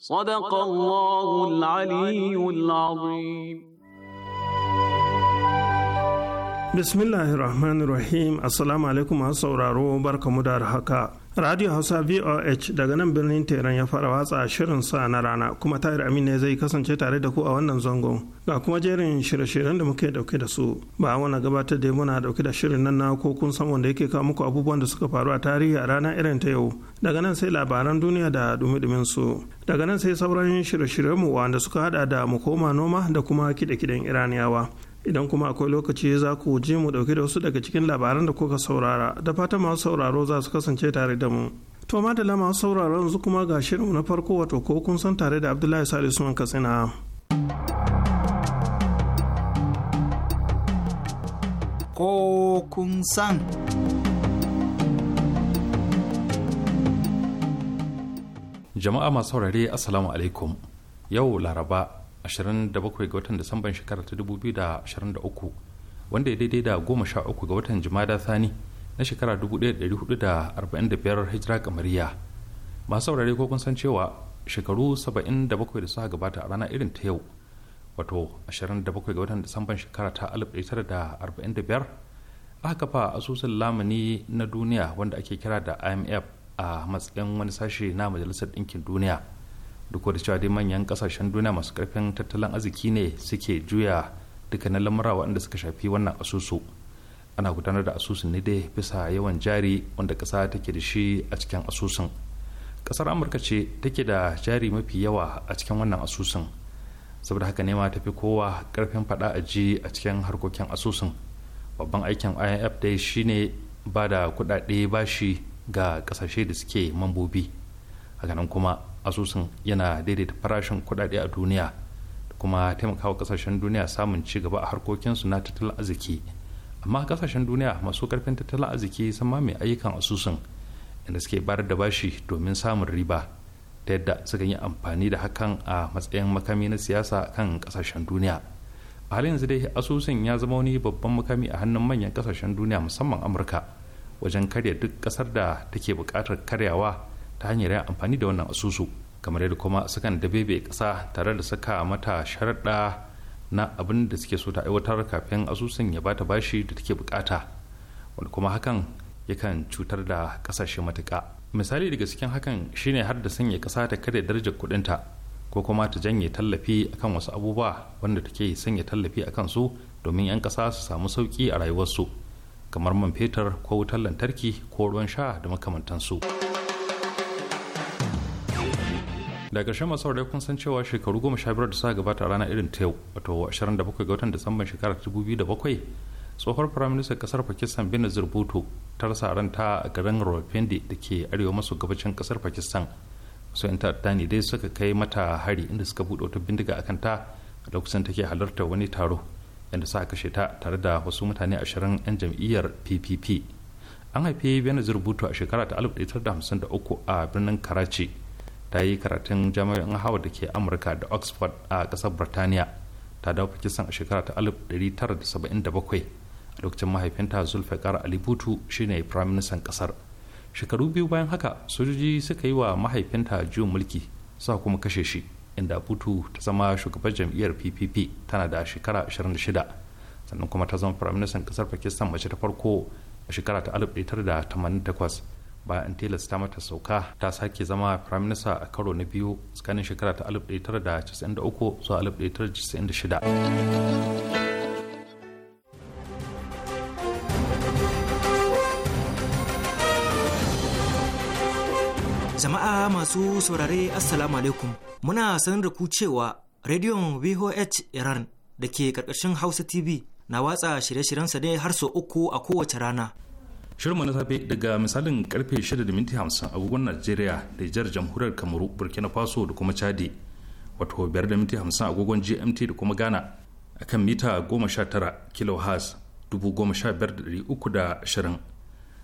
صدق الله العلي العظيم bismillahir rahmanir rahim assalamu alaikum masu sauraro barkamu da haka radio hausa voh daga nan birnin teran ya fara watsa shirin sa na rana kuma tahir amin ne zai kasance tare da ku a wannan zangon ga kuma jerin shirye-shiryen da muke dauke da su ba wani gabatar da muna dauke da shirin nan na ko kun san wanda yake kawo muku abubuwan da suka faru a tarihi a rana irin ta yau daga nan sai labaran duniya da dumi-dumin su daga nan sai sauran shirye-shiryen mu wanda suka hada da mu koma noma da kuma kide-kiden iraniyawa idan kuma akwai lokaci za ku je mu ɗauki da wasu daga cikin labaran da kuka saurara da fatan masu sauraro za su kasance tare da mu to madalla masu sauraro yanzu kuma ga shirin na farko wato ko kun san tare da abdullahi salisu usman katsina ko kun san jama'a masu saurare assalamu alaikum yau laraba 27 ga watan Disamban shekarar ta 2023 wanda ya daidai da 13 ga watan Jumada Thani na shekara 1445 Hijira kamariya. Masu saurare ko kun san cewa shekaru 77 da suka gabata a rana irin ta yau wato 27 ga watan Disamban shekara ta 1945 aka kafa asusun lamuni na duniya wanda ake kira da imf a matsayin wani sashe na majalisar ɗinkin duniya duk da cewa dai manyan kasashen duniya masu karfin tattalin arziki ne suke juya duka na lamura waɗanda suka shafi wannan asusu ana gudanar da asusun ne dai bisa yawan jari wanda ƙasa take da shi a cikin asusun ƙasar amurka ce take da jari mafi yawa a cikin wannan asusun saboda haka ne ma fi kowa karfin faɗa a ji a cikin harkokin asusun babban aikin imf dai shine ba da kuɗaɗe bashi ga ƙasashe da suke mambobi hakanan kuma asusun yana daidaita farashin kuɗaɗe a duniya da kuma taimakawa kasashen duniya samun ci gaba a harkokinsu na tattalin arziki amma kasashen duniya masu karfin tattalin arziki sun mamaye ayyukan asusun inda suke bayar da bashi domin samun riba ta yadda suka yi amfani da hakan a matsayin makami na siyasa kan kasashen duniya a halin yanzu dai asusun ya zama wani babban makami a hannun manyan kasashen duniya musamman amurka wajen karya duk kasar da take buƙatar karyawa ta hanyar yin amfani da wannan asusu kamar yadda kuma sukan dabebe ƙasa tare da saka mata sharaɗa na abin da suke so ta aiwatar kafin asusun ya bata bashi da take bukata wanda kuma hakan yakan cutar da ƙasashe matuka misali daga cikin hakan shine har da sanya ƙasa ta kare darajar kuɗinta ko kuma ta janye tallafi akan wasu abubuwa wanda take sanya tallafi akan su domin 'yan ƙasa su samu sauƙi a rayuwarsu kamar man fetur ko wutar lantarki ko ruwan sha da makamantansu. su da ƙarshen masu saurare kun san cewa shekaru goma sha biyar da suka gabata a ranar irin ta yau wato 27 ga watan disamban shekarar 2007 tsohuwar firaministan kasar pakistan bina zirbuto ta rasa ranta a garin rawalpindi da ke arewa maso gabacin kasar pakistan wasu 'yan ta ne dai suka kai mata hari inda suka buɗe wata bindiga a kanta a lokacin take halarta wani taro yadda sa kashe ta tare da wasu mutane ashirin 'yan jam'iyyar ppp an haifi benazir butu a shekara ta 1953 a birnin karachi ta yi karatun jami'an harvard da ke amurka da oxford a ƙasar birtaniya ta dawo pakistan a shekara ta 1977 a lokacin mahaifinta zulfikar ali butu shine Minister ƙasar shekaru biyu bayan haka sojoji suka yi wa mahaifinta juyin mulki suka kuma kashe shi inda butu ta zama shugaban jam'iyyar ppp tana da shekara 26 sannan kuma ta zama firaministan ƙasar pakistan mace ta farko a shekara ta 1988 bayan tilasta mata sauka ta sake zama prime minister a karo na biyu tsakanin shekara ta 1993 zuwa 1996 Jama'a masu saurare Assalamu alaikum muna sanar da ku cewa rediyon VOH Iran da ke karkashin Hausa TV na watsa shirye-shiryensa ne har sau uku a kowace rana. Shirma na safe daga misalin karfe 6:50 agogon Najeriya da jihar jamhuriyar Kamaru, Burkina Faso da kuma Chadi. Wato 5:50 agogon GMT da kuma Ghana a kan mita 19 kHz 15,320.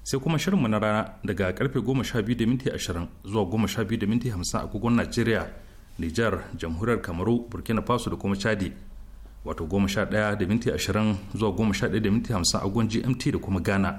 Sai kuma shirinmu na rana daga karfe 12:20 zuwa 12:50 agogon Najeriya, Nijar, jamhuriyar Kamaru, Burkina Faso da kuma Chadi. Wato 11:20 zuwa 11:50 agogon GMT da kuma Ghana.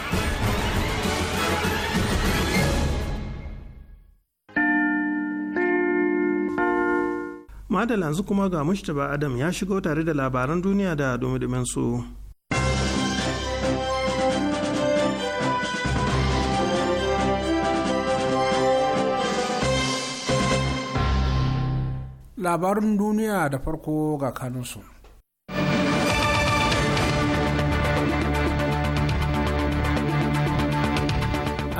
madalla yanzu kuma ga mushtaba adam ya shigo tare da labaran duniya da dumi su. labarin duniya da farko ga kanunsu.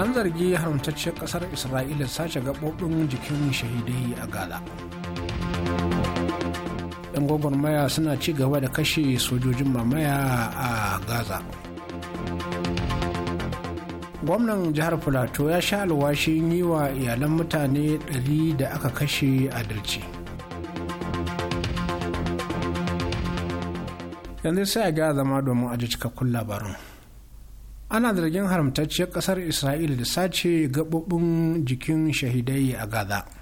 an zargi haramtacciyar kasar isra'ila sace gaɓoɓin jikin shahidai a gaza 'yan gwagwarmaya suna ci gaba da kashe sojojin mamaya a gaza gwamnan jihar filato ya sha alwashin yi wa iyalan mutane 100 da aka kashe adalci yanzu sai a ga zama domin aji cikakkun labarin ana zargin haramtacciyar kasar isra'ila da sace gabobin jikin shahidai a gaza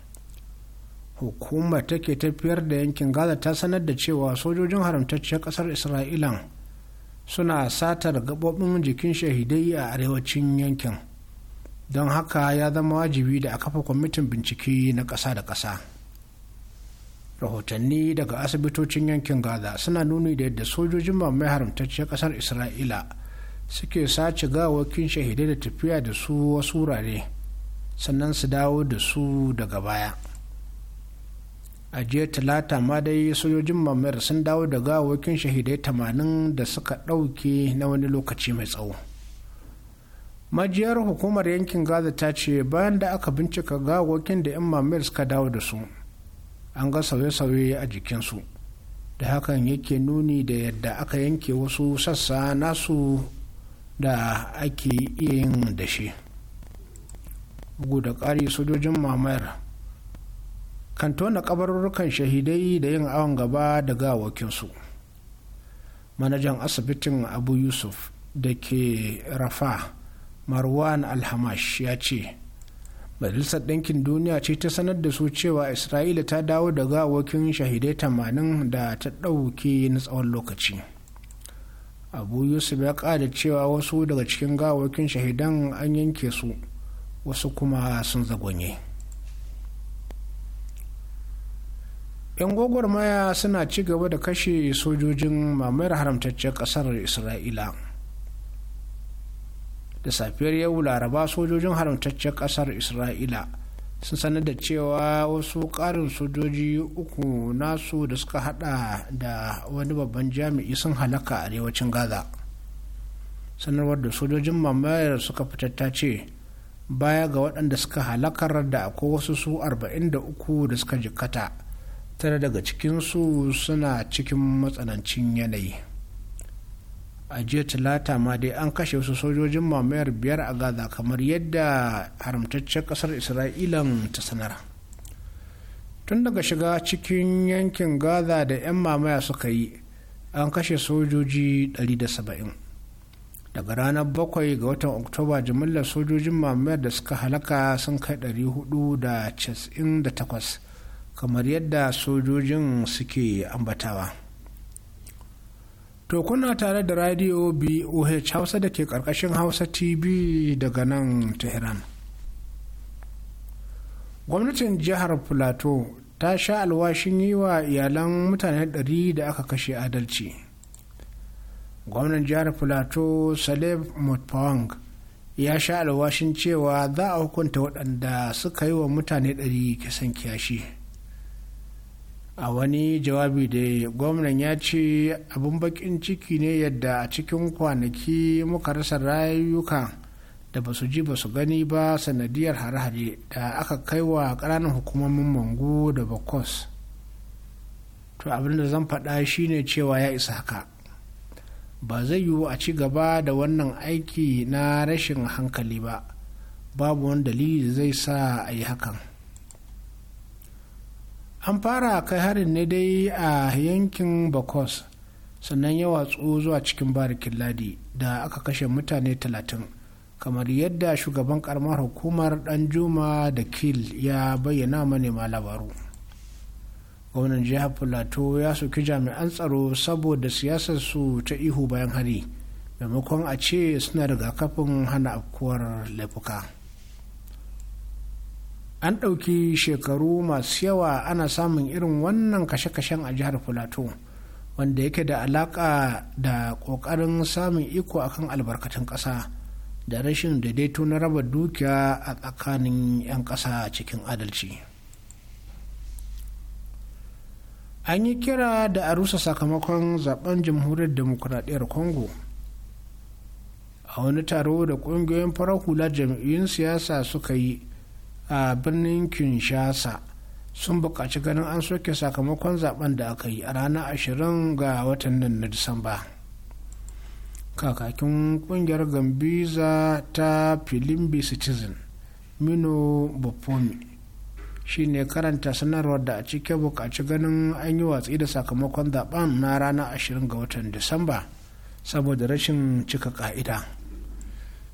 hukumar take tafiyar da yankin gaza ta sanar da cewa sojojin haramtacciyar kasar isra'ilan suna satar gabobin jikin shahidai a arewacin yankin don haka ya zama wajibi da a kafa kwamitin bincike na ƙasa da ƙasa rahotanni daga asibitocin yankin gaza suna nuni da yadda sojojin mamai haramtacciyar kasar isra'ila suke sace gawakin shahidai da tafiya da su wasu wurare sannan su dawo da su daga baya. a jiya talata ma dai sojojin mamayar sun dawo da gawokin shahidai tamanin da suka ɗauke na wani lokaci mai tsawo majiyar hukumar yankin gaza ta ce bayan da aka bincika gawokin da 'yan mamayar suka dawo da su an ga sauye-sauye a jikinsu da hakan yake nuni da yadda aka yanke wasu sassa nasu da ake iya yin dashe bugu da ƙari sojojin mamayar kan tona kabarurrukan shahidai da yin awon gaba da gawakinsu manajan asibitin abu yusuf da ke rafa marwan alhamash ya ce majalisar ɗinkin duniya ce ta sanar da su cewa isra'ila ta dawo da gawakin shahidai tamanin da ta ɗauke na tsawon lokaci abu yusuf ya ƙada cewa wasu daga cikin gawakin shahidan an yanke su wasu kuma sun zagonye. 'yan gwagwarmaya suna ci gaba da kashe sojojin mamayar haramtaccen kasar isra'ila da safiyar yau laraba sojojin haramtaccen kasar isra'ila sun sanar da cewa wasu ƙarin sojoji uku nasu da suka hada da wani babban jami'i sun halaka a arewacin gaza sanarwar da sojojin mamayar suka fitatta ce baya ga waɗanda suka halakar da akwai wasu su 43 da suka jikkata tare daga cikinsu suna cikin matsanancin yanayi a jiya talata ma dai an kashe wasu sojojin mamayar biyar a gaza kamar yadda haramtaccen kasar isra'ilan ta sanar tun daga shiga cikin yankin gaza da 'yan mamaya suka yi an kashe sojoji 170 daga ranar 7 ga watan oktoba jimillar sojojin mamayar da suka halaka sun kai 498 kamar yadda sojojin suke ambatawa to kuna tare da radio boh hausa da ke karkashin hausa tv daga nan tehran gwamnatin jihar plateau ta sha alwashin yi wa iyalan mutane ɗari da aka kashe adalci gwamnan jihar plateau saleh mutfawang ya sha alwashin cewa za a hukunta waɗanda suka yi wa mutane ɗari kisan kiyashi a wani jawabi da gwamnan ya ce abin bakin ciki ne yadda a cikin kwanaki muka rasa rayuka da ba su ji ba su gani ba sanadiyar hare-hare da aka kai wa ƙananan hukumomin mango da bakos to abin da zan faɗa shine cewa ya isa haka ba zai yiwu a ci gaba da wannan aiki na rashin hankali ba babu wani dalili zai sa a yi hakan an fara kai harin ne dai a yankin bakos sannan ya watsu zuwa cikin barikin ladi da aka kashe mutane talatin kamar yadda shugaban karamar hukumar dan juma da kil ya bayyana manema labaru gwamnan jihar plateau ya soki jami'an tsaro saboda siyasar su ta ihu bayan hari maimakon a ce suna rigakafin hana afkuwar laifuka. an ɗauki shekaru masu yawa ana samun irin wannan kashe-kashen a jihar filato wanda yake da alaƙa da ƙoƙarin samun iko akan albarkatun ƙasa da rashin daidaito na raba dukiya a tsakanin 'yan ƙasa cikin adalci an yi kira da a rusa sakamakon zaben jamhuriyar demokuraɗiyar congo a wani taro da ƙungiyoyin farar hula jam'iyyun siyasa suka yi a birnin kinshasa sun buƙaci ganin an soke sakamakon zaben da aka yi a ranar 20 ga watan nan na disamba kakakin kungiyar gambiza ta filimbi citizen mino bufomi shi ne karanta sanarwar da a cike buƙaci ganin an yi watsi da sakamakon zaben na ranar 20 ga watan disamba saboda rashin cika ka'ida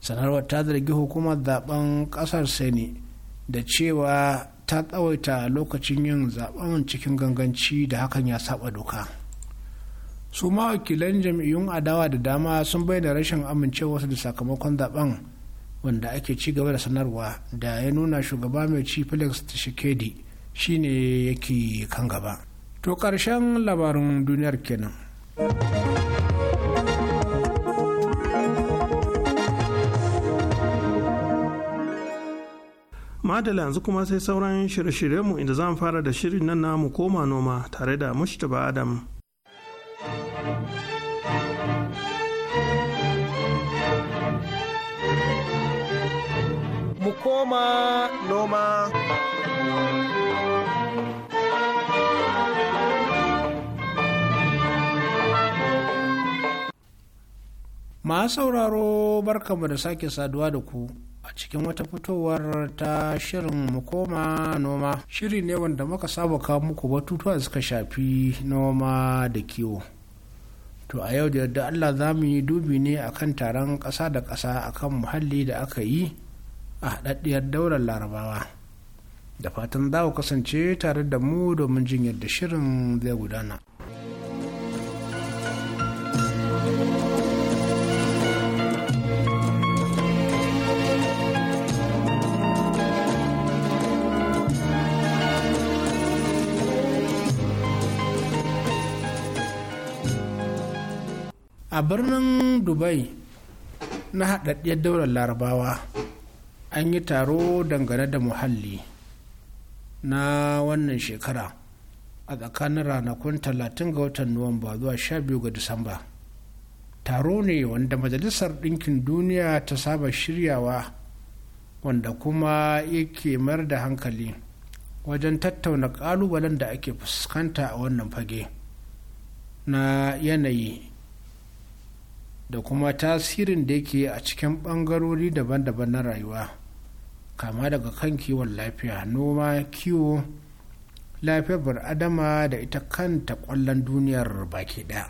sanarwar ta zargi hukumar zaben ƙasar sani da cewa ta tsawaita lokacin yin zaɓen cikin ganganci da hakan ya saba doka su ma wakilan jam'iyyun adawa da dama sun bayyana rashin amincewarsu da sakamakon zaɓen wanda ake ci gaba da sanarwa da ya nuna shugaba mai ci felix tshisekedi shine yake kan gaba to ƙarshen labarin duniyar kenan. madala yanzu kuma sai sauran shirye-shiryenmu inda za mu fara da shirin nan namu koma noma tare da mushtaba adam mu koma noma Ma sauraro barkamu da sake saduwa da ku a cikin wata fitowar ta shirin mu koma noma shiri ne wanda muka saba kawo muku batutuwa suka shafi noma da kiwo to a yau da yadda allah za mu yi dubi ne akan taron ƙasa da ƙasa akan muhalli da aka yi a haɗaɗɗiyar daular larabawa da fatan za ku kasance tare da mu domin jin yadda shirin zai gudana. a birnin dubai na haɗaɗɗiyar daular larabawa an yi taro dangane da muhalli na wannan shekara a tsakanin ranakun 30 ga watan nuwamba zuwa 12 ga disamba taro ne wanda majalisar ɗinkin duniya ta saba shiryawa wanda kuma yake mayar da hankali wajen tattauna ƙalubalen da ake fuskanta a wannan fage na yanayi da kuma tasirin da yake a cikin ɓangarori daban-daban na rayuwa kama daga kan kiwon lafiya noma kiwo lafiyar adama da ita kanta ƙwallon duniyar baki ɗaya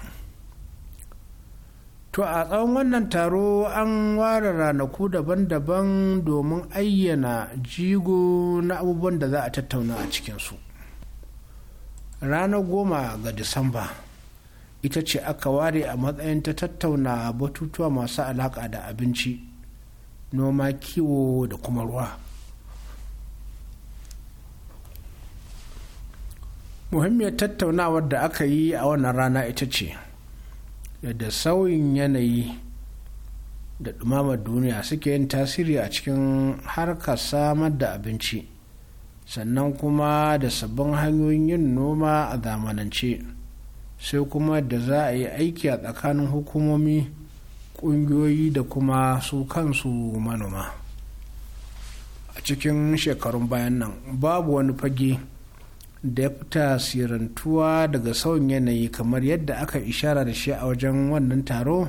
to a tsawon wannan taro an ware ranaku daban-daban domin ayyana jigo na abubuwan da za a tattauna a cikinsu ranar goma ga disamba ita ce aka ware a matsayin ta tattauna batutuwa masu alaƙa da abinci noma kiwo da kuma ruwa muhimmiyar tattaunawar da aka yi a wannan rana ita ce yadda sauyin yanayi da ɗumamar duniya suke yin tasiri a cikin harka samar da abinci sannan kuma da sabbin hanyoyin yin noma a zamanance sai kuma da za a yi aiki a tsakanin hukumomi ƙungiyoyi da kuma su kansu manoma a cikin shekarun bayan nan babu wani fage da ya fita sirantuwa daga sauyin yanayi kamar yadda aka ishara da shi a wajen wannan taro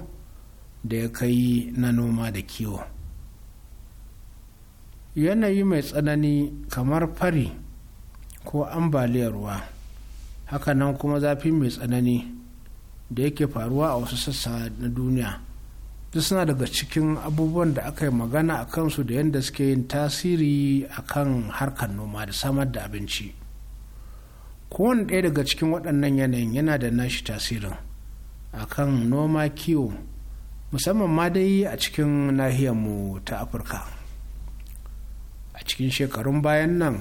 da ya kai na noma da kiwo yanayi mai tsanani kamar fari ko ambaliyar ruwa hakanan kuma zafi mai tsanani da yake faruwa a wasu sassa na duniya duk suna daga cikin abubuwan da aka yi magana a kansu da yadda suke yin tasiri a kan harkar noma da samar da abinci kowane ɗaya daga cikin waɗannan yanayin yana da nashi tasirin a kan noma kiwo musamman ma dai a cikin nahiyarmu ta afirka a cikin shekarun bayan nan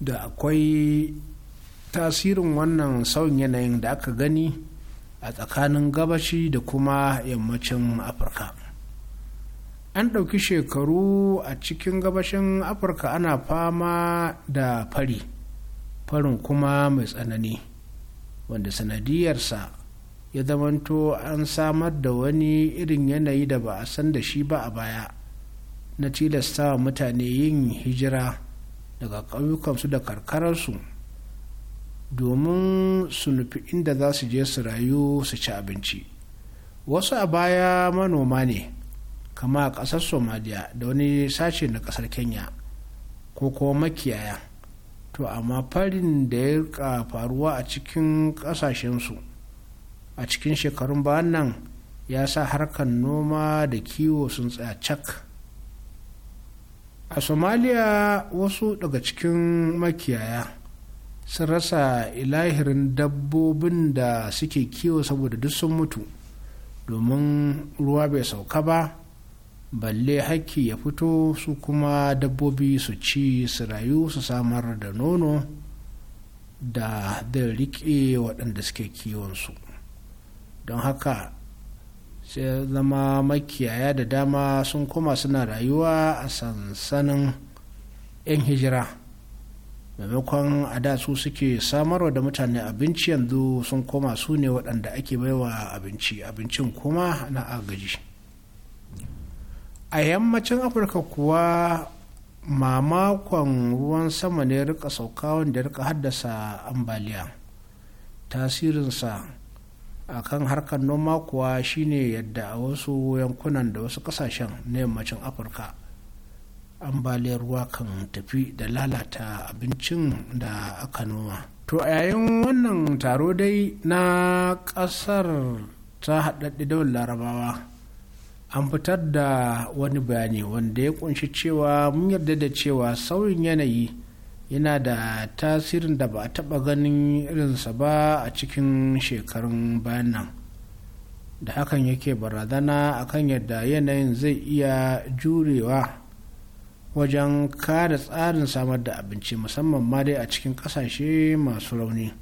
da akwai tasirin wannan sauyin yanayin da aka gani a tsakanin gabashi da kuma yammacin afirka an ɗauki shekaru a cikin gabashin afirka ana fama da fari farin kuma mai tsanani wanda sanadiyarsa ya zamanto an samar da wani irin yanayi da ba a san da shi ba a baya na tilastawa mutane yin hijira daga ƙauyukansu da karkararsu domin su nufi inda za su je su rayu su ci abinci wasu a baya manoma ne kama a ƙasar somaliya da wani sace na ƙasar kenya ko kuma makiyaya to amma farin da ya rika faruwa a cikin ƙasashensu a cikin shekarun bayan nan ya sa harkar noma da kiwo sun tsaya cak a somaliya wasu daga cikin makiyaya sun rasa ilahirin dabbobin da suke kiwo saboda duk sun mutu domin ruwa bai sauka ba balle hakki ya fito su kuma dabbobi su ci su rayu su samar da nono da zai riƙe waɗanda suke kiwonsu don haka sai zama makiyaya da dama sun koma suna rayuwa a sansanin 'yan hijira maimakon a da su suke samarwa da mutane abinci yanzu sun koma su ne waɗanda ake baiwa abinci abincin kuma na agaji a yammacin afirka kuwa mamakon ruwan sama ne rika sauka wanda rika haddasa ambaliya tasirinsa a kan harkar noma kuwa shine yadda a wasu yankunan da wasu kasashen na yammacin afirka ambaliyar ruwa kan tafi da lalata abincin da aka noma to a yayin wannan taro dai na ƙasar ta haɗaɗɗe dawar larabawa an fitar da wani bayani wanda ya kunshi cewa mun yarda da cewa sauyin yanayi yana da tasirin da ba a taɓa ganin irinsa ba a cikin shekarun bayan nan da hakan yake barazana akan yadda yanayin zai iya jurewa wajen kare tsarin samar da abinci musamman ma dai a cikin kasashe masu rauni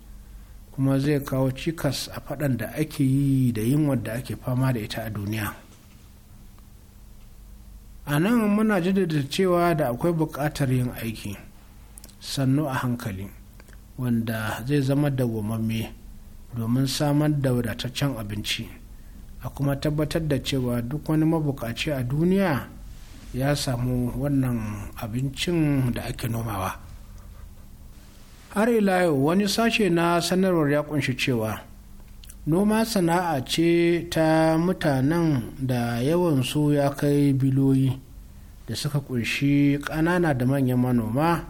kuma zai kawo cikas a faɗan da ake yi da yin wadda ake fama da ita a duniya a nan muna jaddada cewa da akwai buƙatar yin aiki sannu a hankali wanda zai zama da dawwamamme domin samar da wadataccen abinci a kuma tabbatar da cewa duk wani mabukaci a duniya ya samu wannan abincin da ake nomawa har ila yau wani sashe na sanarwar ya kunshi cewa noma sana'a ce ta mutanen da yawan su ya kai biloyi da suka kunshi ƙanana da manyan manoma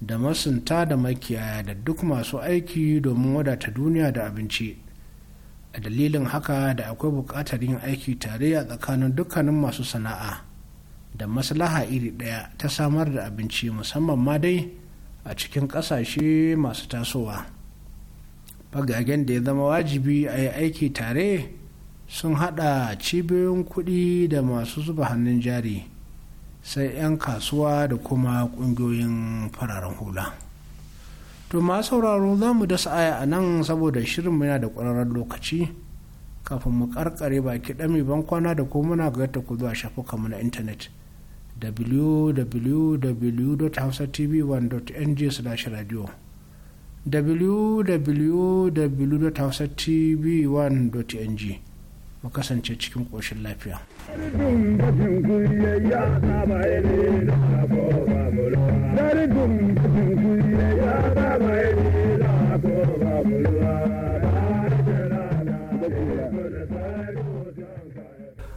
da masunta da makiyaya da duk masu aiki domin wadata duniya da abinci a dalilin haka da akwai buƙatar yin aiki tare a tsakanin dukkanin masu sana'a da maslaha iri ɗaya ta samar da abinci musamman ma dai a cikin ƙasashe masu tasowa fagagen da ya zama wajibi a yi aiki tare sun haɗa cibiyoyin kuɗi da masu zuba hannun jari sai 'yan kasuwa da kuma ƙungiyoyin fararen hula to ma sauraro za mu dasa aya a nan saboda shirin yana da ƙwararren lokaci kafin mu karkare baki ɗami ban kwana da ko muna ta ku zuwa shafukanmu na intanet www.hausatv1.ng/radio www.hausatv1.ng mu kasance cikin ƙoshin lafiya. Dari dum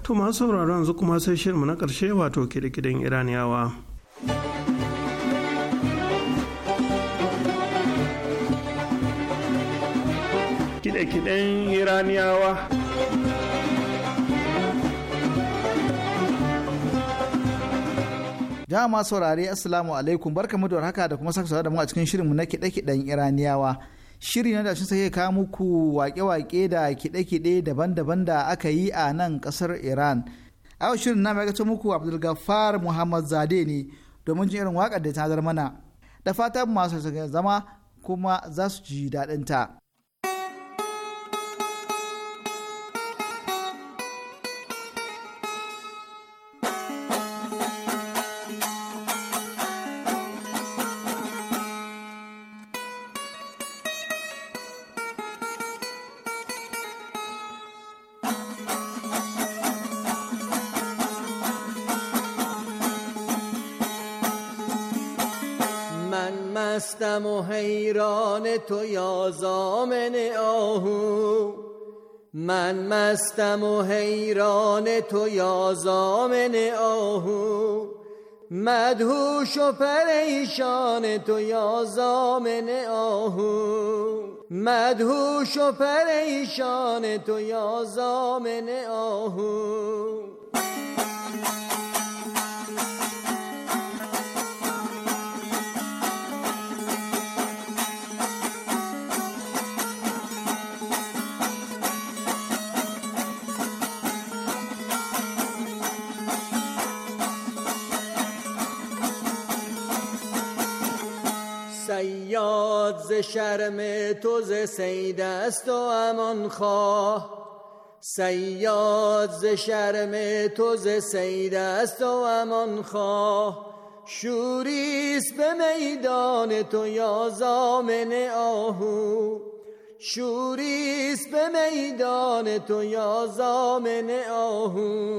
to masu sauraro yanzu kuma sai shirinmu na ƙarshe wato kiɗe iraniyawa kiɗe-kiɗen iraniyawa jama'a saurare assalamu alaikum barkamu da haka da kuma saka da mu a cikin shirinmu na kiɗe-kiɗen iraniyawa shiri na dashin sai kawo muku wake-wake da kide-kide daban-daban da aka yi a nan kasar iran a yau shirin na mai gato muku abdulgafar muhammad zade ne domin jin irin waƙar da ta mana da fatan masu zama kuma za su ji daɗinta تو یا زامن آهو من مستم و حیران تو یا زامن آهو مدهوش و پریشان تو یا زامن آهو مدهوش و پریشان تو یا زامن آهو سیاد ز شرم تو ز سید است و امان خواه سیاد ز شرم تو ز سید است و امان خواه شوریست به میدان تو یا زامن آهو شوریست به میدان تو یا زامن آهو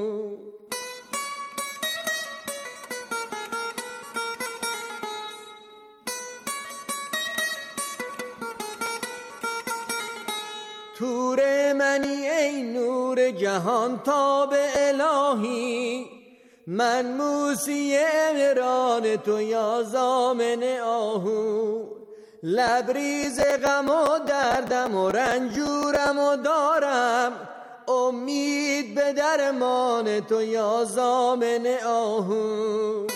منی ای نور جهان تاب الهی من موسی امران تو یا زامن آهو لبریز غم و دردم و رنجورم و دارم امید به درمان تو یا زامن آهو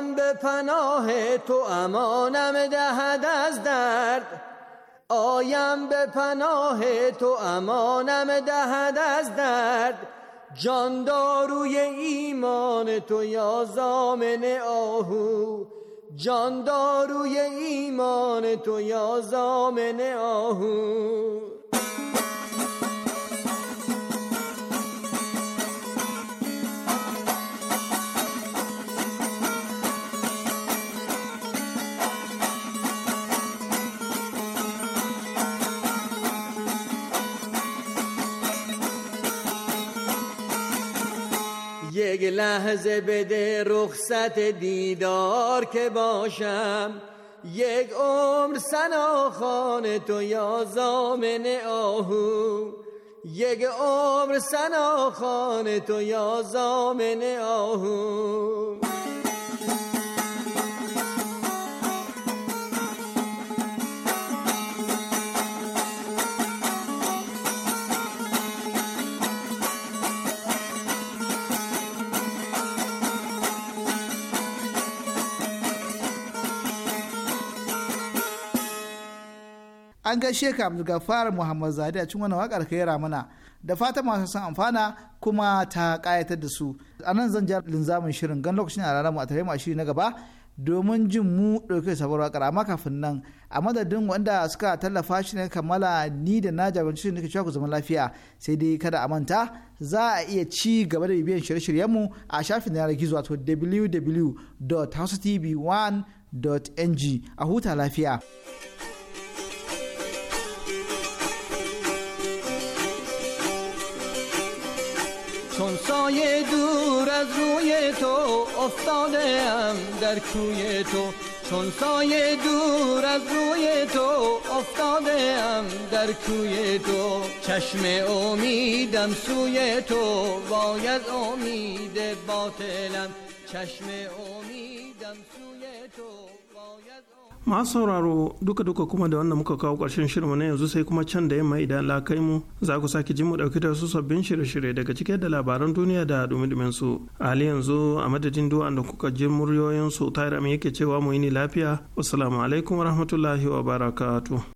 به پناه تو امانم دهد از درد آیم به پناه تو امانم دهد از درد جان داروی ایمان تو یا زامن آهو جان داروی ایمان تو یا زامن آهو یک لحظه بده رخصت دیدار که باشم یک عمر سناخانه تو یا زامن آهو یک عمر سناخانه تو یا زامن آهو an gaishe ka fara muhammad zadi a cikin wannan wakar ka yara mana da fata masu san amfana kuma ta kayatar da su a nan zan ja linzamin shirin gan lokacin a mu a tare mu a shiri na gaba domin jin mu ɗauke sabuwar wakar amma kafin nan a madadin wanda suka tallafa shi ne kammala ni da na jagoranci nake cewa ku zaman lafiya sai dai kada a manta za a iya ci gaba da bibiyan shirye-shiryenmu a shafin yanar gizo wato www.housetv1.ng a huta lafiya. چون سایه دور از روی تو افتاده ام در کوی تو چون سایه دور از روی تو افتاده ام در کوی تو چشم امیدم سوی تو وای از امید باطلم چشم امیدم سوی masu sauraro duka-duka kuma da wanda muka kawo ƙarshen shirinmu na yanzu sai kuma can da yamma idan lakai mu za ku sake jin mu ɗauki da su sabbin shirye-shirye daga cike da labaran duniya da dumi su a hali yanzu a madadin duwan da kuka ji muryoyin su tare yake cewa mu yi ni lafiya wasu alaikum rahmatullahi wa barakatu.